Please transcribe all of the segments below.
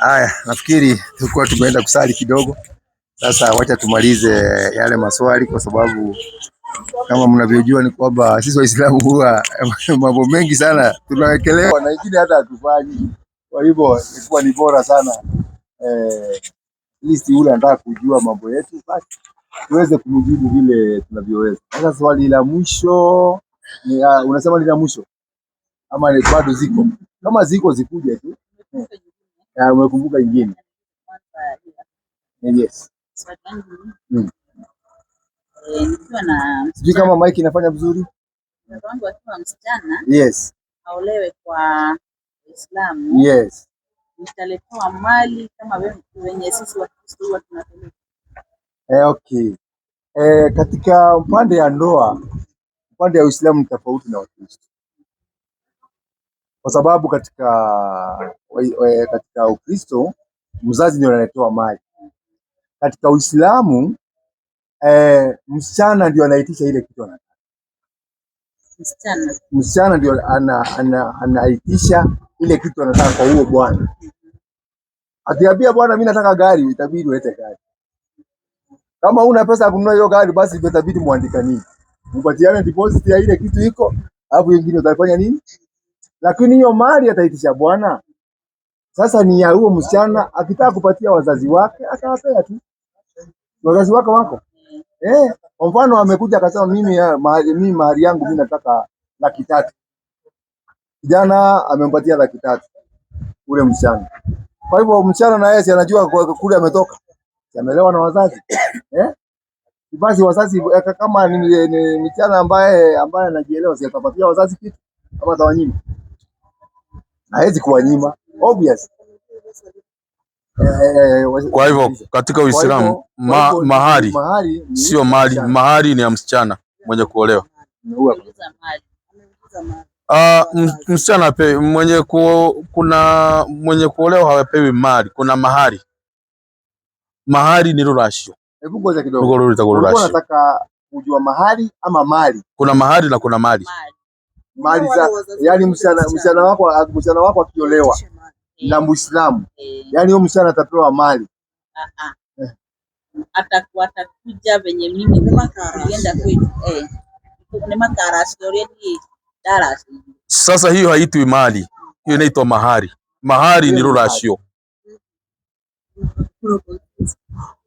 Haya, nafikiri tulikuwa tumeenda kusali kidogo. Sasa wacha tumalize yale maswali, kwa sababu kama mnavyojua ni kwamba sisi Waislamu huwa mambo mengi sana tunawekelewa na ingine hata hatufanyi. Kwa hivyo ilikuwa ni bora sana eh, list ule anataka kujua mambo yetu, basi tuweze kumjibu vile tunavyoweza. Sasa swali la mwisho ni, uh, unasema ni la mwisho ama bado ziko kama ziko zikuje tu. Eh, umekumbuka nyingine? Yes. Mm. Eh, Sijui kama Mike inafanya vizuri. Yes. Aolewe kwa Uislamu. Yes. Nitaletewa mali kama wenye sisi wa Kristo huwa tunapeleka. Eh, okay. Eh, katika upande ya ndoa upande ya Uislamu ni tofauti na Wakristo kwa sababu katika we, we, katika Ukristo mzazi ndio anayetoa mali. Katika Uislamu eh, msichana ndio anaitisha ile kitu anataka. Msichana, msichana ndio ana, ana, ana ile kitu anataka kwa huo bwana. Akiambia bwana, mimi nataka gari, itabidi ulete gari. Kama una pesa kununua hiyo gari, basi itabidi muandikanie, mpatiane deposit ya ile kitu iko, alafu wengine utafanya nini? lakini hiyo mali ataitisha bwana. Sasa ni ya huo msichana, akitaka kupatia wazazi wake atawapea tu wazazi wake wako eh. Kwa mfano amekuja akasema, mimi eh, mahari, mimi mahari yangu mimi nataka laki tatu. Kijana amempatia laki tatu ule msichana. Kwa hivyo msichana na yeye anajua kule ametoka, amelewa na wazazi eh. Basi wazazi eh, kama ni msichana ambaye ambaye anajielewa, si atapatia wazazi kitu ama atawanyima hawezi kuwanyima obvious. Eh, eh, eh, kwa hivyo katika Uislamu ma, mahari sio mali, mahari ni ya msichana mwenye kuolewa. Uh, msichana pe, mwenye ku, kuna mwenye kuolewa hawapewi mali, kuna mahari. Mahari ni rurashio. Hebu ngoja kidogo, nataka kujua mahari ama mali. Kuna mahari na kuna mali, mali mali za yani, msichana msichana wako msichana wako akiolewa na Muislamu, eh. yani huyo msichana atapewa mali ah, ah. Eh. atakuja venye mimi nienda kwetu eh, sasa hiyo haitwi mali, hiyo inaitwa mahari. Mahari ni rurashio.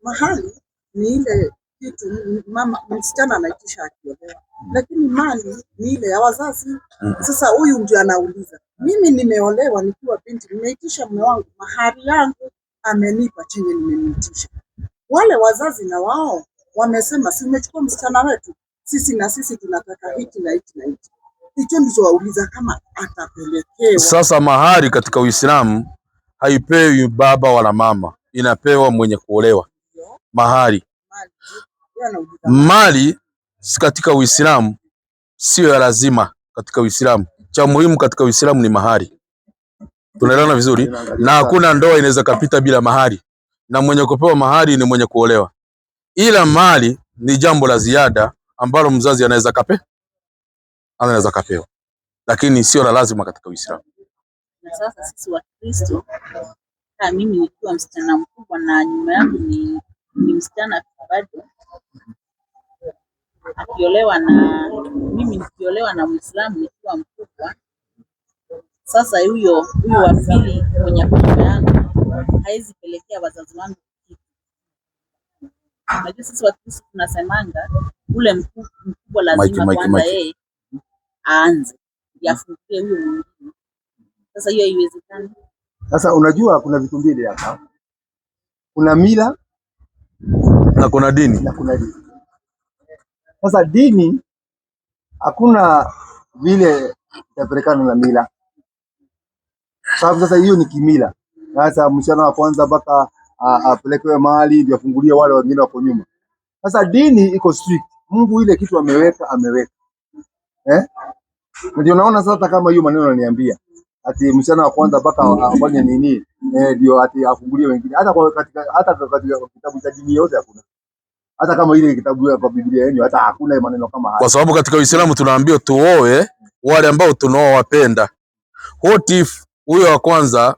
Mahari ni ile kitu mama msichana anaitisha akiolewa, lakini mali ni ile ya wazazi. Mm. Sasa huyu ndio anauliza, mimi nimeolewa nikiwa binti, nimeitisha mume wangu mahari yangu, amenipa chenye nimemwitisha. Wale wazazi na wao wamesema, si umechukua msichana wetu, sisi na sisi tunataka hiki na hiki na hiki. Hicho ndicho wauliza kama atapelekewa. Sasa mahari katika Uislamu haipewi baba wala mama, inapewa mwenye kuolewa mahari Mali si katika Uislamu sio ya lazima katika Uislamu. Cha muhimu katika Uislamu ni mahari. Tunaelewana vizuri? Na hakuna ndoa inaweza kapita bila mahari, na mwenye kupewa mahari ni mwenye kuolewa, ila mali ni jambo la ziada ambalo mzazi anaweza kape anaweza kapewa, lakini sio la lazima katika Uislamu. sasa sisi Wakristo, mimi nikiwa msichana mkubwa na nyuma yangu ni ni msichana tu bado akiolewa na mimi nikiolewa na Muislamu nikiwa mkubwa. Sasa huyo huyo wa pili kwenye akosha yangu haizi pelekea wazazi wangu kitu. Unajua sisi Wakristo tunasemanga ule mkubwa lazima kwanza yeye aanze yafungulie huyo mwingine. Sasa hiyo haiwezekani. Sasa unajua kuna vitu mbili hapa, kuna mila na kuna dini na kuna dini. Sasa dini hakuna vile itapelekana na mila, sababu sasa hiyo ni kimila. Sasa msichana wa kwanza mpaka apelekewe mahali ndio afungulie wale wengine wako nyuma. Sasa dini iko strict. Mungu ile kitu ameweka ameweka, eh? Ndio naona sasa, kama hiyo maneno ananiambia ati msichana wa kwanza mpaka afanye nini eh, ndio ati afungulie wengine. Hata kwa katika hata katika kitabu cha dini yote hakuna, hata kama ile kitabu ya kwa Biblia yenyewe, hata hakuna maneno kama haya, kwa sababu katika Uislamu tunaambiwa tuoe wale ambao tunaowapenda. What if huyo wa kwanza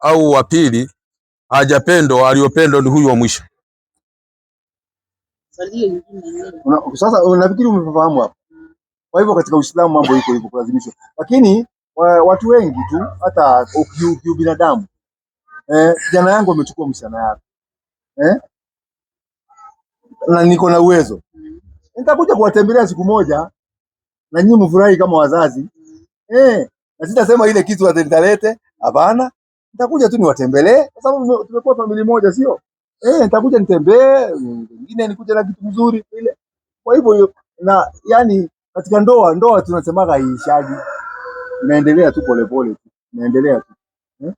au wa pili hajapendwa, aliyopendwa ni huyu wa mwisho? Sasa unafikiri umefahamu hapo? Kwa hivyo katika Uislamu mambo iko hivyo, kulazimishwa, lakini watu wengi tu, hata binadamu. Kijana eh, yangu amechukua msichana yako eh? na niko na uwezo, nitakuja kuwatembelea siku moja na nyinyi mfurahi kama wazazi eh, na sitasema ile kitu atalete, hapana. Nitakuja tu niwatembelee, kwa sababu tumekuwa familia moja, sio eh? Nitakuja nitembee, wengine nikuja na kitu mzuri ile. Kwa hivyo na yani, katika ndoa ndoa tunasemaga iishaji inaendelea tu polepole tu, inaendelea tu eh?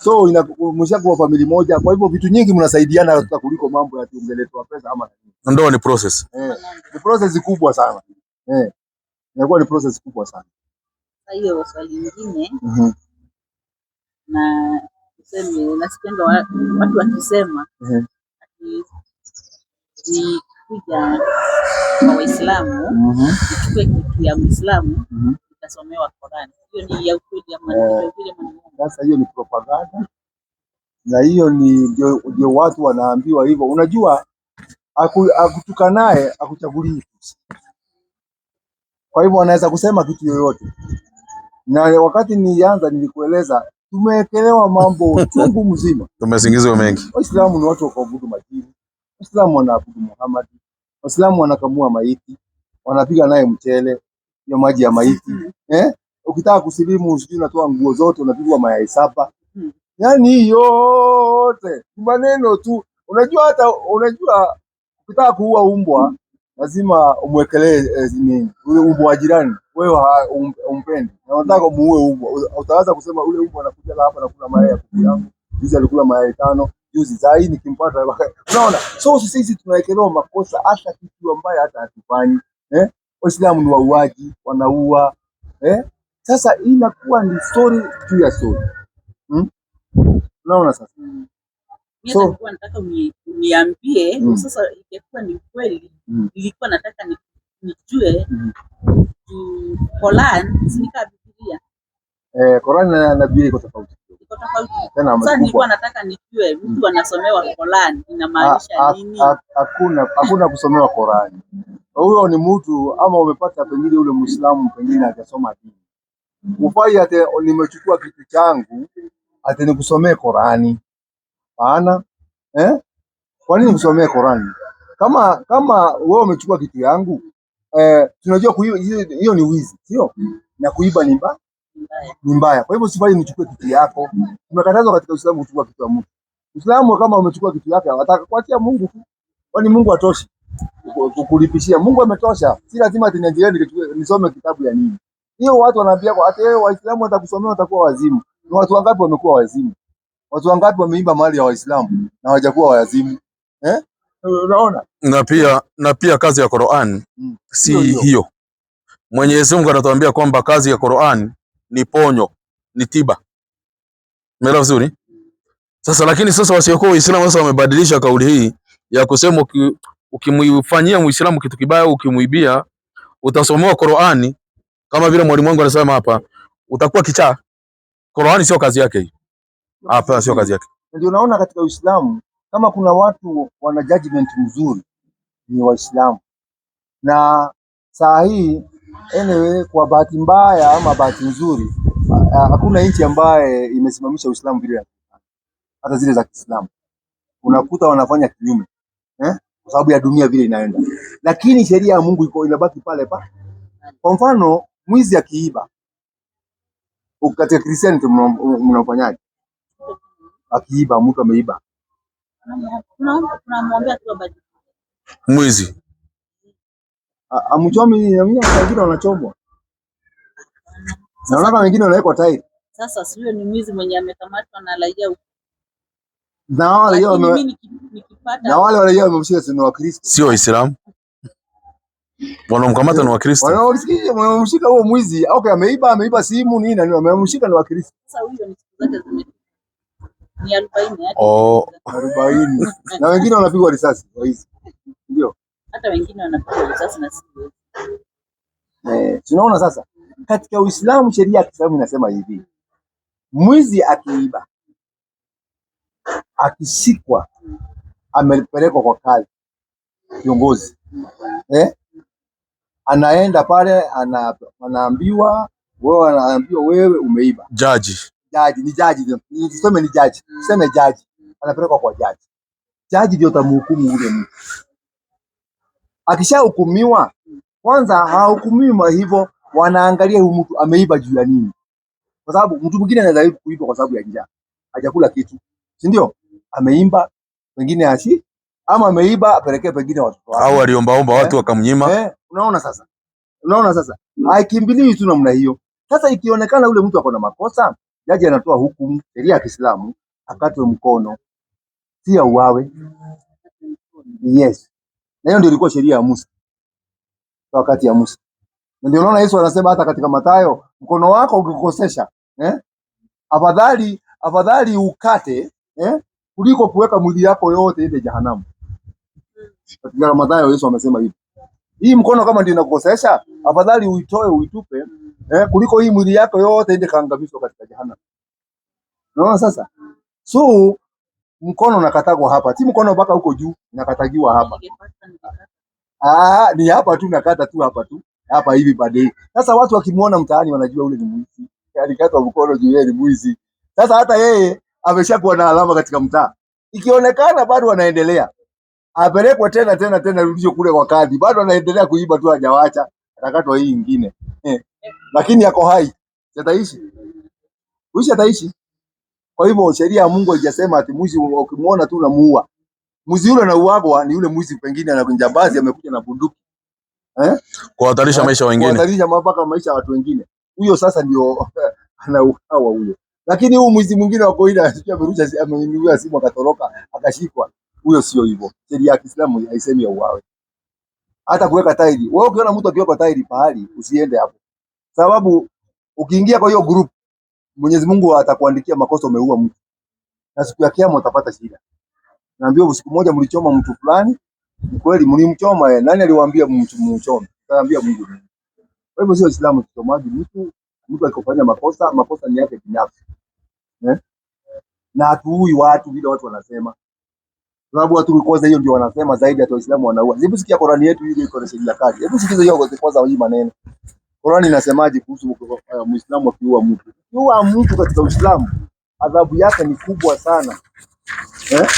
So ina mshakuwa familia moja, kwa hivyo vitu nyingi mnasaidiana hata kuliko mambo ya tiongeletwa pesa ama nini. Ndio Ni process eh, ni process kubwa sana eh, inakuwa ni process kubwa sana. Sasa hiyo swali lingine mm-hmm. na tuseme, nasikia watu wakisema mm-hmm. ni kuja kwa Waislamu mm-hmm. kitu ya Muislamu mm-hmm ikasomewa Qur'an. Hiyo ni ya ukweli ama ni ukweli eh, Sasa hiyo ni propaganda na hiyo ni ndio watu wanaambiwa hivyo. Unajua, akutuka naye akuchagulii kwa hivyo anaweza kusema kitu yoyote. Na wakati nilianza nilikueleza, tumewekelewa mambo chungu mzima, tumesingizwa mengi. Waislamu ni watu wa kuabudu majini, Waislamu wanaabudu Muhammad, Waislamu wanakamua maiti, wanapiga naye mchele, ya maji ya maiti mm-hmm. eh? Ukitaka kusilimu sijui unatoa nguo zote unapigwa mayai saba. Mm-hmm. Yaani hii yote ni maneno tu. Unajua hata unajua ukitaka kuua umbwa lazima umwekelee eh, nini ule umbwa wa jirani, wewe umpendi na unataka muue umbwa, utaanza kusema ule umbwa anakuja hapa na kula mayai ya kuku yangu, juzi alikula mayai tano, juzi zaidi nikimpata. Unaona, so sisi tunawekelewa makosa hata kitu ambaye hata hatufanyi eh? Waislamu ni wauaji, wanaua eh? Sasa hii inakuwa ni story juu ya story hmm? Unaona sasa hmm. so, nataka uniambie mm. Sasa ingekuwa ni kweli mm. Ilikuwa nataka ni, nijue mm. Koran sinika Biblia eh, Qur'an na, na Biblia iko tofauti iko tofauti. Sasa nilikuwa nataka nijue mtu hmm. anasomewa Koran inamaanisha nini? Hakuna hakuna kusomewa Korani huyo ni mtu ama umepata pengine ule Muislamu pengine akasoma dini ufai ate nimechukua kitu changu ate nikusomee Qurani maana eh? Kwa nini nikusomee Qurani kama kama wewe umechukua kitu yangu eh? Tunajua kuiba hiyo ni wizi, sio na kuiba ni mbaya, ni mbaya. Kwa hivyo usifai nichukue kitu yako. Umekatazwa katika Uislamu kuchukua kitu cha mtu. Uislamu kama umechukua kitu yake, atakakuachia Mungu, kwani Mungu atoshi? kukulipishia. Mungu ametosha, si lazima tiniendelee nisome kitabu ya nini. Hiyo watu wanaambia kwa hata wewe eh, Waislamu watakusomea watakuwa wazimu. Ni watu wangapi wamekuwa wazimu? Watu wangapi wameimba mali ya Waislamu na hawajakuwa wazimu? Eh? Unaona? Na pia na pia kazi ya Qur'an hmm, si hiyo, hiyo. hiyo. Mwenyezi Mungu anatuambia kwamba kazi ya Qur'an ni ponyo, ni tiba. Umeelewa vizuri? Sasa lakini sasa wasiokuwa Waislamu sasa wamebadilisha kauli hii ya kusema ukimfanyia Muislamu kitu kibaya, ukimuibia, utasomewa Qur'ani kama vile mwalimu wangu anasema hapa, utakuwa kichaa. Qur'ani sio kazi yake hii. Hapa sio kazi yake. Ndio unaona katika Uislamu kama kuna watu wana judgment mzuri ni Waislamu, na saa hii anyway, kwa bahati mbaya ama bahati nzuri, hakuna nchi ambaye imesimamisha Uislamu vile, hata zile za Kiislamu unakuta wanafanya kinyume eh? kwa sababu ya dunia vile inaenda, lakini sheria ya Mungu iko inabaki pale pale. Kwa mfano mwizi akiiba, katika Kristiani mnafanyaje? Akiiba, mtu ameiba, mwizi amchomi, wengine wanachomwa na naona wengine wanawekwa tairi. Sasa sio ni mwizi mwenye amekamatwa na raia na wale wale wamemshika si Wakristo, sio Waislamu. Wanaomkamata ni Wakristo. Wanaomshika huo mwizi, okay, ameiba ameiba simu nini, na wamemshika ni Wakristo. Sasa huyo ni siku zake zimefika ni arobaini. Yaani oh, arobaini na wengine wanapigwa risasi kwa hizi, ndio hata wengine wanapigwa risasi na simu eh. Tunaona sasa katika Uislamu, sheria ya Kiislamu inasema hivi, mwizi akiiba akishikwa amepelekwa kwa kazi kiongozi eh? Anaenda pale ana, anaambiwa wewe, anaambiwa wewe umeiba. Jaji jaji ni jaji, tuseme ni jaji, tuseme jaji, anapelekwa kwa jaji. Jaji ndio tamhukumu yule mtu. Akishahukumiwa kwanza, hahukumiwi hivyo, wanaangalia huyu mtu ameiba juu ya nini? Kwa sababu mtu mwingine anaweza kuiba kwa sababu ya njaa, hajakula kitu, si ndio? Ameimba pengine asi ama ameiba apelekee pengine watoto wake au aliombaomba eh? watu wakamnyima. Eh, unaona sasa, unaona sasa, haikimbilii tu namna hiyo. Sasa ikionekana ule mtu ako na makosa, jaji anatoa hukumu, sheria ya Kiislamu, akatwe mkono, si auawe. Yes, na hiyo ndio ilikuwa sheria ya Musa kwa wakati ya Musa, na ndio unaona Yesu anasema hata katika Mathayo, mkono wako ukikosesha, eh, afadhali afadhali ukate, eh kuliko kuweka mwili yako yote ile jehanamu. Katika Ramadhayo Yesu amesema hivi. Hii mkono kama ndio inakukosesha, afadhali uitoe uitupe, eh, kuliko hii mwili yako yote iende kaangamizwa katika jehanamu. Unaona sasa? So mkono nakatagwa hapa. Si mkono mpaka huko juu nakatagiwa hapa. Ah, ni hapa tu nakata tu hapa tu. Hapa hivi baadaye. Sasa watu wakimuona mtaani wanajua ule ni mwizi. Alikatwa mkono juu yeye ni mwizi. Sasa hata yeye ameshakuwa na alama katika mtaa. Ikionekana bado anaendelea, apelekwa tena tena tena, rudisho kule kwa kadhi, bado anaendelea kuiba tu, hajawacha atakatwa hii nyingine eh. Lakini yako hai, ataishi uishi, ataishi. Kwa hivyo sheria ya Mungu haijasema ati mwizi ukimuona tu unamuua. Mwizi yule na uwagwa ni yule mwizi pengine ana anajambazi amekuja na bunduki eh, kuhatarisha maisha wengine, kuhatarisha mpaka maisha ya watu wengine. Huyo sasa ndio anauawa huyo. Lakini huu mwizi mwingine wa kawaida asikia amerusha amenyimwa simu akatoroka akashikwa. Huyo sio hivyo. Sheria ya Kiislamu haisemi ya uwawe Hata kuweka tairi. Wewe ukiona mtu akiweka tairi pahali usiende hapo. Sababu ukiingia kwa hiyo group Mwenyezi Mungu atakuandikia makosa umeua mtu. Na siku ya kiyama utapata shida. Naambiwa usiku moja mlichoma mtu fulani, ni kweli mlimchoma eh. Nani aliwaambia mtu mumchome? Kaambia Mungu. Kwa hivyo sio Islamu kuchomaji mtu mtu akifanya makosa, makosa ni yake binafsi eh? na hatuui watu vile watu wanasema, sababu watu kwanza, hiyo ndio wanasema zaidi, hata Waislamu wanaua. Hebu sikia Qur'ani yetu hiyo, iko na kazi, hebu sikiza hiyo kwanza, hii maneno Qur'ani inasemaje kuhusu Muislamu akiua mtu? Kiua mtu katika Uislamu adhabu yake ni kubwa sana eh?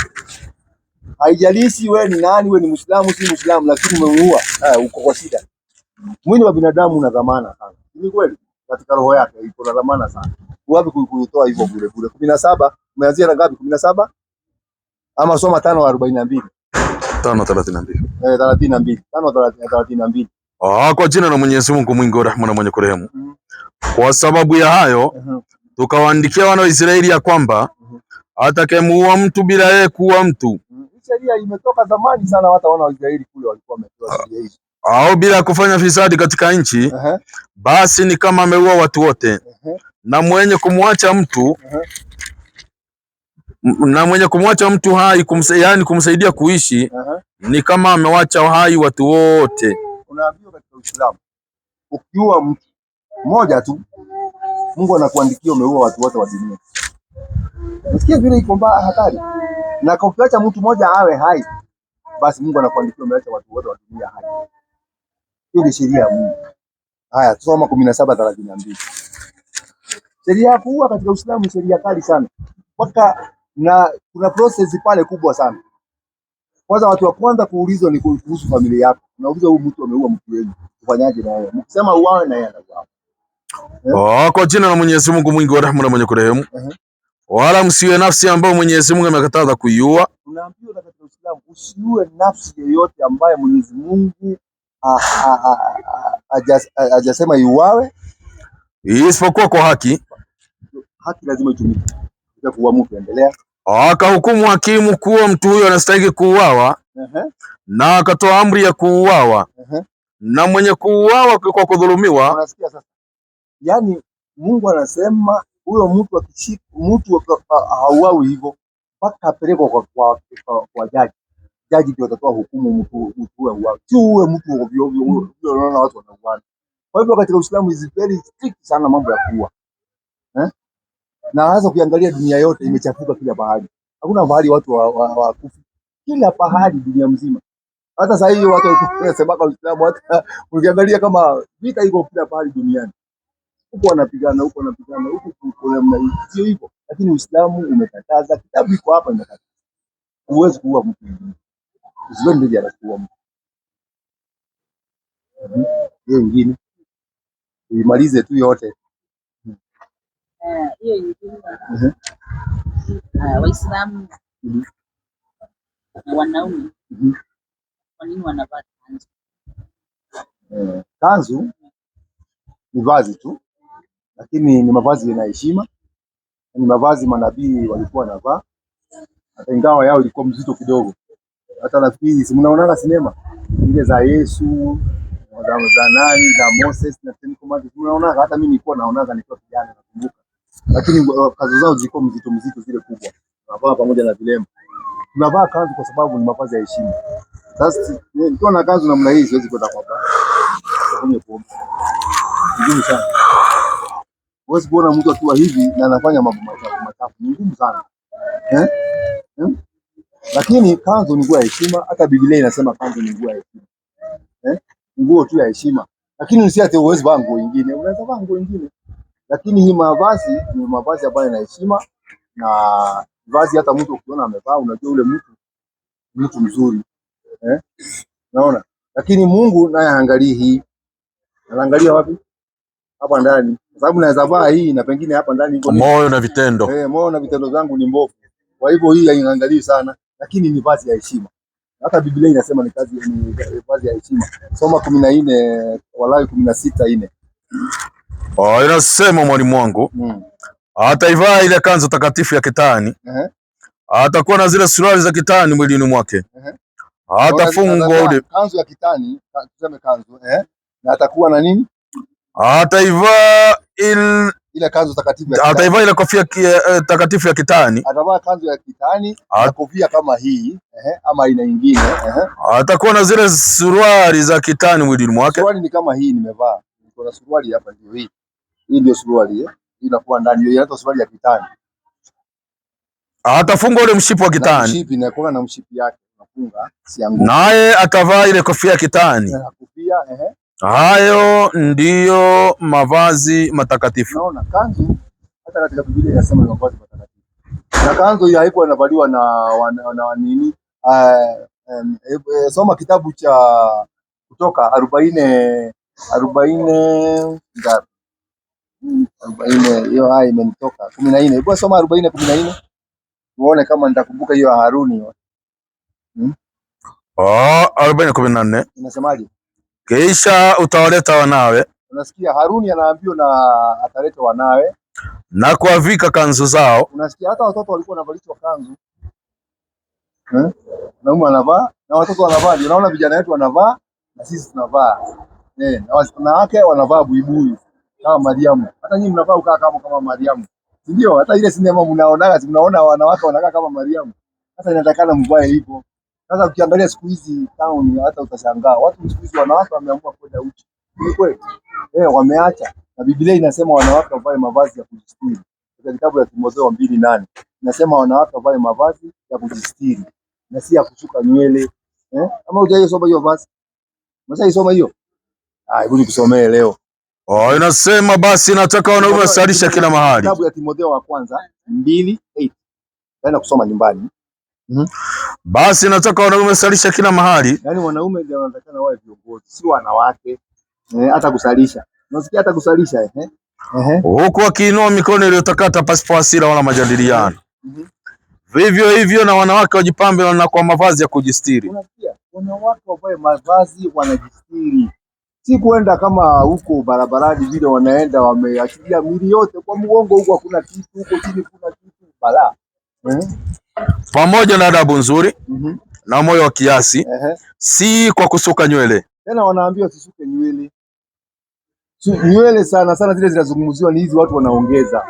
Haijalishi wewe ni nani, wewe ni Muislamu si Muislamu, lakini umeua, ah, uko kwa shida. Mwili wa binadamu una dhamana sana, ni kweli katika roho yake iko na dhamana sana. Wapi kuitoa hivyo bure bure? kumi na saba umeanzia na ngapi? kumi na saba ama soma tano arobaini na mbili tano thelathini na mbili eh, thelathini na mbili tano thelathini na mbili Ah, kwa jina la Mwenyezi Mungu mwingi wa rehema na mwenye kurehemu. Mm-hmm. Kwa sababu ya hayo mm-hmm. tukawaandikia wana wa Israeli ya kwamba mm-hmm. atakemuua mtu bila yeye kuua mtu. Sheria imetoka zamani sana, hata wana wa Israeli kule walikuwa wametoa sheria hizo au bila kufanya fisadi katika nchi uh -huh. basi ni kama ameua watu wote uh -huh. na mwenye kumwacha mtu uh -huh. na mwenye kumwacha mtu hai kumsa, yani kumsaidia kuishi uh -huh. ni kama amewacha hai watu wote. Unaambiwa katika Uislamu ukiua mtu mmoja tu Mungu anakuandikia umeua watu wote wa dunia. Nasikia vile iko mbaya hatari. Na kwa kuacha mtu mmoja awe hai basi Mungu anakuandikia umeacha watu wote wa dunia hai. Hii ni sheria ya Mungu. Haya, tusoma kumi na saba thelathini na mbili. Sheria ya kuua katika Uislamu ni sheria kali sana, mpaka na kuna process pale kubwa sana. Kwanza watu wa kwanza kuulizwa ni kuhusu familia yako. unauliza huyu mtu ameua mtu wenu, ufanyaje naye? Mkisema uawe yeye anauawa. Eh? Oh, kwa jina la Mwenyezi Mungu mwingi wa rehema na mwenye kurehemu. Uh-huh. Wala msiue nafsi ambayo Mwenyezi Mungu amekataza kuiua. Tunaambiwa katika Uislamu usiue nafsi yoyote ambayo Mwenyezi Mungu hajasema iuawe, isipokuwa kwa haki. Haki lazima itumike. ya endelea Akahukumu hakimu kuwa mtu huyo anastahili kuuawa na akatoa amri ya kuuawa na mwenye kuuawa kwa kudhulumiwa. Unasikia sasa? Yani, Mungu anasema huyo mtu akishika mtu hauawi hivyo mpaka apelekwa kwa, kwa, kwa jaji jaji ndio atatoa hukumu mtu mtu wa tuwe mtu wa ovyo ovyo, mm. unaona watu wanauana. Kwa hivyo katika Uislamu is very strict sana mambo ya kuua eh, na hasa kuangalia dunia yote imechafuka kila pahali, hakuna mahali watu wa, wa, wa kufi kila pahali dunia mzima. Hata sasa hivi watu wanasema kwa Uislamu, hata ukiangalia kama vita iko kila pahali duniani, huko wanapigana, huko wanapigana, huko kuna namna hiyo, sio hivyo. Lakini Uislamu umekataza, kitabu iko hapa, imekataza, huwezi kuua mtu mwingine. Zibando ndio anakuomba hmm. hiyo nyingine Imalize tu yote eh, hiyo nyingine. Mhm. Eh, Waislamu mhm. wanaume mhm. kwa nini wanavaa kanzu? Eh, kanzu ni vazi tu, lakini ni mavazi yana heshima, ni mavazi manabii walikuwa wanavaa, hata ingawa yao ilikuwa mzito kidogo hata rafiki, hizi mnaonaga sinema ile za Yesu za za nani za Moses na Ten Commandments, mnaonaga Hata mimi nilikuwa naonaga nikiwa kijana, nakumbuka, lakini uh, kazi zao zilikuwa mzito mzito, zile kubwa, tunavaa pamoja na vilema, tunavaa kanzu kwa sababu ni mavazi ya heshima. Sasa eh, nikiwa na kanzu namna hii siwezi kwenda kwa baba kwenye pombe, ngumu sana. Huwezi kuona mtu akiwa hivi na anafanya mambo machafu machafu, ni ngumu sana eh, eh lakini kanzu ni nguo ya heshima, hata Biblia inasema kanzu ni nguo ya heshima. Eh? Nguo tu ya heshima. Lakini usiate uwezi vaa nguo nyingine, unaweza vaa nguo nyingine. Lakini hii mavazi ni mavazi ambayo yana heshima na vazi hata mtu ukiona amevaa unajua ule mtu mtu mzuri. Eh? Naona? Lakini Mungu naye haangalii hii. Anaangalia wapi? Hapa ndani. Kwa sababu naweza vaa hii na pengine hapa ndani iko moyo na vitendo. Eh, moyo na vitendo zangu ni mbovu. Kwa hivyo hii haiangalii sana lakini ni vazi ya heshima. Hata Biblia inasema ni kazi ni vazi ya heshima. Soma 14 Walawi kumi na Oh, inasema mwalimu wangu mm. Ataivaa ile kanzu takatifu ya kitani uh -huh. Atakuwa na zile suruali za kitani mwilini mwake uh -huh. Atafungwa ule kanzu ya kitani, tuseme kanzu eh, na atakuwa na nini? Ataivaa il ile kanzu takatifu ya kitani. Ataivaa ile kofia uh, takatifu ya kitani, atavaa kanzu ya kitani na kofia kama hii ehe, ama aina nyingine ehe. Atakuwa na zile suruali za kitani mwilini mwake. Suruali ni kama hii nimevaa, niko na suruali hapa, ndio hii. Hii ndio suruali eh, Hii inakuwa ndani hiyo, inaitwa suruali ya kitani. Atafunga ule mshipi wa kitani, mshipi na inakuwa na mshipi yake, unafunga sianguke. Naye atavaa ile kofia ya kitani, kofia ehe Hayo ndiyo mavazi matakatifu. Naona kanzu, hata katika Biblia inasema ni mavazi matakatifu, na kanzu hiyo haikuwa inavaliwa na na nini? Ah, eh, soma kitabu cha Kutoka 40 40 ngapi? 40 hiyo hai imenitoka 14. na Hebu soma 40 kumi na nne uone kama nitakumbuka hiyo Haruni. Hmm? kumi 40 14. inasemaje? Geisha utawaleta wanawe, unasikia Haruni anaambiwa na ataleta wanawe na kuwavika kanzu zao. Unasikia hata watoto walikuwa wanavalishwa kanzu eh? Na Naume anavaa na watoto wanavaa. Unaona vijana wetu wanavaa na sisi tunavaa eh, na wanawake wanavaa buibui kama Mariamu. Hata nyinyi mnavaa ukaa kama kama Mariamu, ndio? Hata ile sinema mnaonaga, si mnaona wanawake wanakaa kama Mariamu. Sasa inatakana mvae hivyo. Sasa ukiangalia siku hizi town, hata utashangaa watu siku hizi, wanawake wameamua kwenda uchi. Ni kweli eh, wameacha na Biblia inasema wanawake wavae mavazi ya kujistiri. Katika kitabu ya Timotheo mbili nane inasema wanawake wavae mavazi ya kujistiri na si ya kusuka nywele eh. Ama hujaisoma hiyo basi, umeshaisoma hiyo? Ah, hebu nikusomee leo. Oh, inasema basi, nataka wanaume wasalisha kila mahali, kitabu ya Timotheo wa kwanza mbili eight. Enda kusoma nyumbani Mm -hmm. Basi nataka wanaume salisha kila mahali. Yaani wanaume ndio wanatakana wawe viongozi, si wanawake. Eh, hata kusalisha. Unasikia hata kusalisha eh? Eh. Huko wakiinua mikono iliyotakata pasipo hasira wala majadiliano. Mm -hmm. Vivyo hivyo na wanawake wajipambe na kwa mavazi ya kujistiri. Unasikia? Wanawake wavae mavazi wanajistiri. Si kuenda kama huko barabarani vile wanaenda wameachilia mili yote kwa mgongo, huko hakuna kitu, huko chini kuna kitu balaa. Eh? pamoja na adabu nzuri mm -hmm. na moyo wa kiasi uh -huh. si kwa kusuka nywele tena, wanaambiwa sisuke nywele nywele sana sana, zile zinazungumziwa ni hizi watu wanaongeza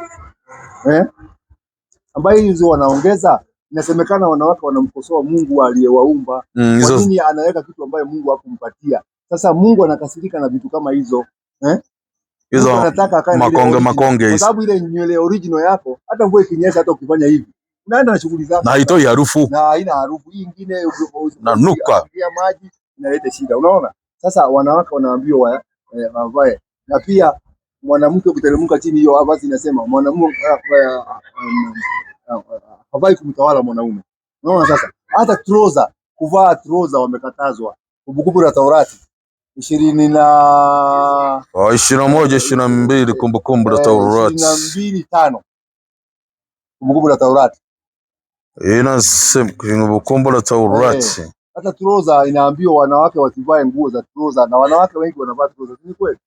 eh? ambayo hizo wanaongeza Inasemekana wanawake wanamkosoa Mungu aliyewaumba. Mm, kwa nini anaweka kitu ambayo Mungu hakumpatia? Sasa Mungu anakasirika na vitu kama hizo eh? hizo makonge makonge, kwa sababu ile nywele original yako, hata mvua ikinyesha, hata ukifanya hivi unaenda na shughuli zako, na haitoi harufu na haina harufu hii nyingine na nuka ya maji inaleta shida. Unaona, sasa wanawake wanaambiwa wa, eh, eh, wavae, na pia mwanamke ukiteremka chini, hiyo vazi inasema mwanamume eh, eh, havai kumtawala mwanaume. Unaona, sasa hata troza kuvaa troza wamekatazwa, Kumbukumbu la Taurati ishirini na oh, ishirini na moja ishirini na mbili Kumbukumbu la Taurati ishirini na mbili tano Kumbukumbu la Taurati Eh, Kwenye Bukombo la Taurati eh, hata troza inaambiwa wanawake wasivae nguo za troza, na wanawake wengi wanavaa troza. Ni kweli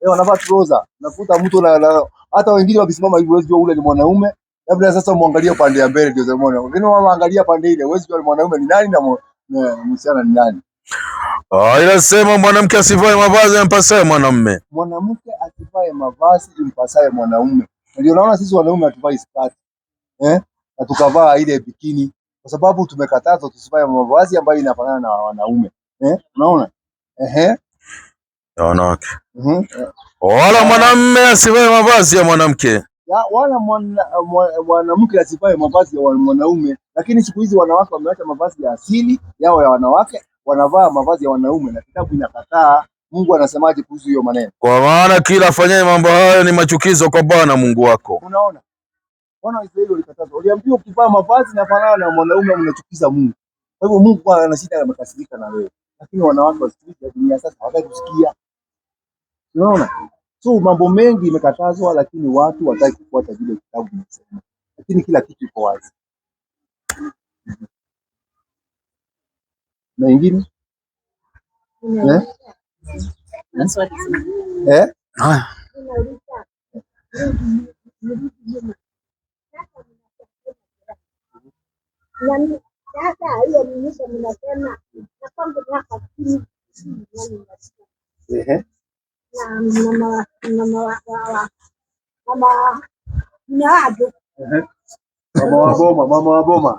eh, wanavaa troza, Nakuta mtu na hata wengine wakisimama hivi, wewe ule ni mwanaume. Labda sasa muangalie pande ya mbele, ndio zamona wengine wao angalia pande ile, wewe jua mwanaume ni nani na msichana ni nani. Ah, inasema mwanamke asivae mavazi yampasaye mwanamume, mwanamke asivae mavazi yampasaye mwanaume. Ndio naona sisi wanaume hatuvai skati eh na tukavaa ile bikini, kwa sababu tumekatazwa tusivae mavazi ambayo inafanana na wanaume eh, unaona ehe, wanawake mhm. wala mwanamume asivae mavazi ya mwanamke wala mwanamke asivae mavazi ya mwanaume. Lakini siku hizi wanawake wameacha mavazi ya asili yao ya wanawake, wanavaa mavazi ya wanaume, na kitabu inakataa. Mungu anasemaje kuhusu hiyo maneno? Kwa maana kila afanyaye mambo hayo ni machukizo kwa Bwana Mungu wako. Unaona? Wana wa Israeli walikatazwa. Waliambiwa ukivaa mavazi na fanana na mwanaume mnachukiza Mungu. Kwa hivyo Mungu kwa ana shida amekasirika na wewe. Lakini wanawake wa siku hizi dunia sasa hawataki kusikia. Unaona? So mambo mengi imekatazwa lakini watu wataki kufuata vile kitabu kinasema. Lakini kila kitu iko wazi. Na ingine? Eh? Eh? Ah. mama wa boma mama wa boma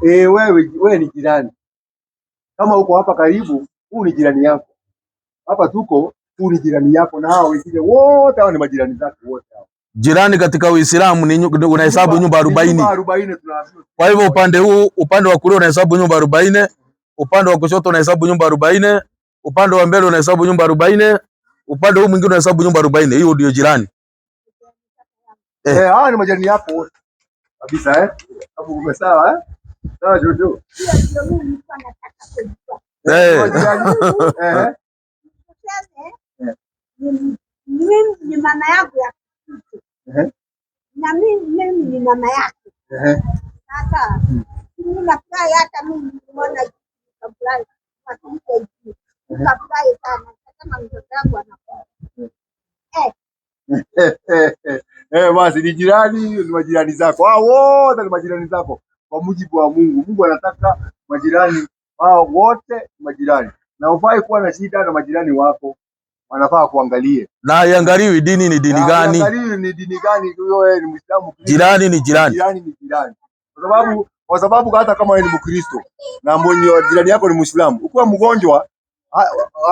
wewe ni jirani kama uko hapa karibu huu ni jirani yako hapa tuko tu ni jirani yako, na hao wengine wote hao ni majirani zako wote hao. Jirani katika Uislamu ni unahesabu nyumba 40. Kwa hivyo upande huu, upande wa kulia unahesabu nyumba 40, upande wa kushoto unahesabu nyumba 40, upande wa mbele unahesabu nyumba 40, upande huu mwingine unahesabu nyumba 40. Hiyo ndio jirani. Eh, eh, hao ni majirani yako wote. Kabisa eh? Hapo sawa eh? Sawa Jojo. Eh. mimi ni mama ya kitu na mimi ni mama yake Sasa hmm. mimi nafurahi, hata mimi nimeona sana, kama mtoto wangu anakuwa hmm. eh. eh, basi ni jirani, ni majirani zako hao ah, wote, ni majirani zako kwa mujibu wa Mungu. Mungu anataka majirani hao wote majirani, na ufai kuwa na shida na majirani wako wanafaa kuangalie na iangaliwi dini ni dini gani, ni dini gani? huyo, yeye ni Muislamu, jirani ni jirani, jirani ni jirani, kwa sababu kwa sababu hata kama wewe ni Mkristo na mbonyo jirani yako ni Muislamu, ukiwa mgonjwa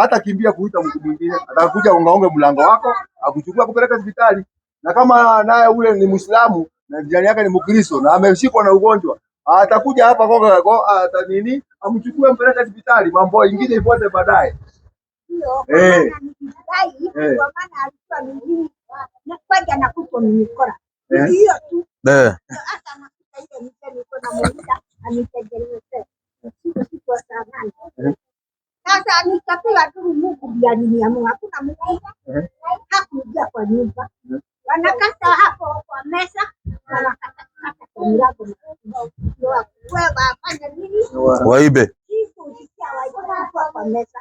hata kimbia kuita mtu mwingine, atakuja ungaonge mlango wako akuchukua kupeleka hospitali. Na kama naye ule ni Muislamu na jirani yake ni Mkristo na ameshikwa na ugonjwa, atakuja hapa kwa kwa atanini, amchukue mpeleke hospitali, mambo mengine ifuate baadaye. Sasa nikapewa tu Mungu bila niliamua, hakuna Mungu eh. hakuja kwa nyumba, eh. wanakata hapo kwa mesa, wanakata kwa mlango, waibe kwa mesa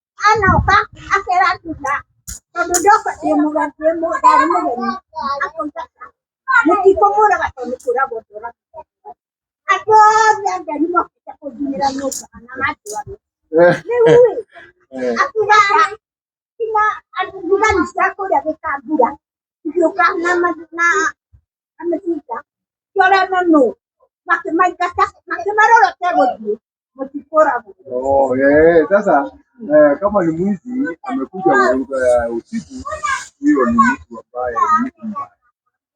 Ano ka? Akira kita. Tododok ka tiyo mo ga tiyo mo dari Ako ka. Muti ko mo raga to nikura botora. Ako ya dari mo kita ko dinira mo sa namati Aku ga kina ano bulan sa ko da ka bulan. Yo ka na na amasita. Yo ra na Oh, yeah. Sasa eh, kama ni mwizi amekuja usiku, huyo ni mtu ambaye ni mtu mbaya,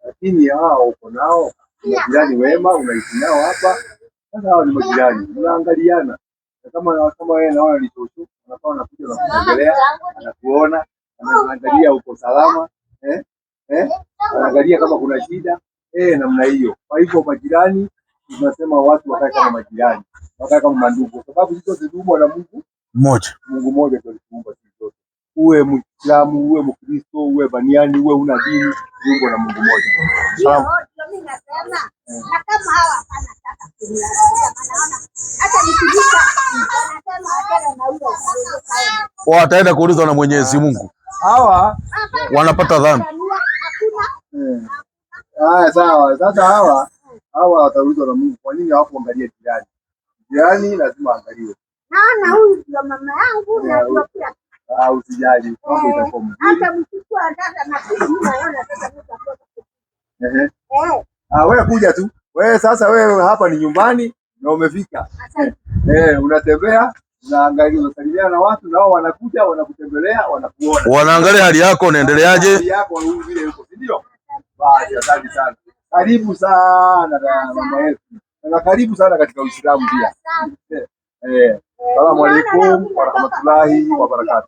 lakini hao uko nao majirani wema, unaishi nao hapa. Sasa hao ni majirani, unaangaliana kama kama wewe naona ni tosu, unafaa unakuja na kuongelea, anakuona, anaangalia uko salama, eh eh, anaangalia kama kuna shida eh, namna hiyo. Kwa hivyo majirani tunasema watu wakae kama majirani, wakae kama mandugu, kwa sababu hizo ziliumbwa na Mungu mmoja. Mungu mmoja ndio aliumba sisi sote, uwe Muislamu uwe Mkristo uwe baniani uwe una dini, uliumbwa na Mungu mmoja. Sawa, mimi nasema na kama hawa hapana wataenda kuulizwa na Mwenyezi Mungu, hawa wanapata dhambi. Hakuna eh. haya, sawa. Sasa hawa hawa wataulizwa na Mungu, kwa nini hawakuangalia jirani? Jirani lazima aangaliwe. Naona huyu ndio mama yangu, eh, najua kila kitu. Ah, usijali, eh, mambo itakuwa mzuri. Hata mchukua dada na sisi naona sasa mtakuwa. Ehe. Eh. Ah, wewe kuja tu. Wewe sasa, wewe hapa ni nyumbani na umefika. Eh, unatembea unaangalia, unasalimia na watu na wao wanakuja, wanakutembelea, wanakuona. Wanaangalia hali yako, unaendeleaje? Hali yako vile yuko, si ndio? Basi, asante sana karibu sana mama yetu na karibu sana katika Uislamu pia. Eh, eh. Salamu alaikum warahmatullahi wabarakatu.